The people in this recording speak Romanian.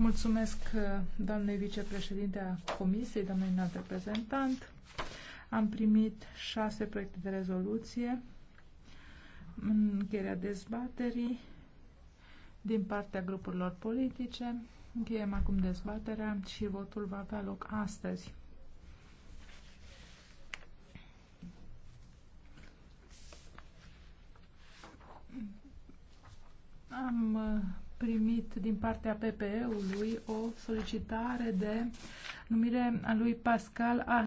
Mulțumesc, uh, doamne vicepreședinte a Comisiei, doamne înalt reprezentant. Am primit șase proiecte de rezoluție în încheierea dezbaterii din partea grupurilor politice. Încheiem acum dezbaterea și votul va avea loc astăzi. Am uh, primit din partea PPE-ului o solicitare de numire a lui Pascal A.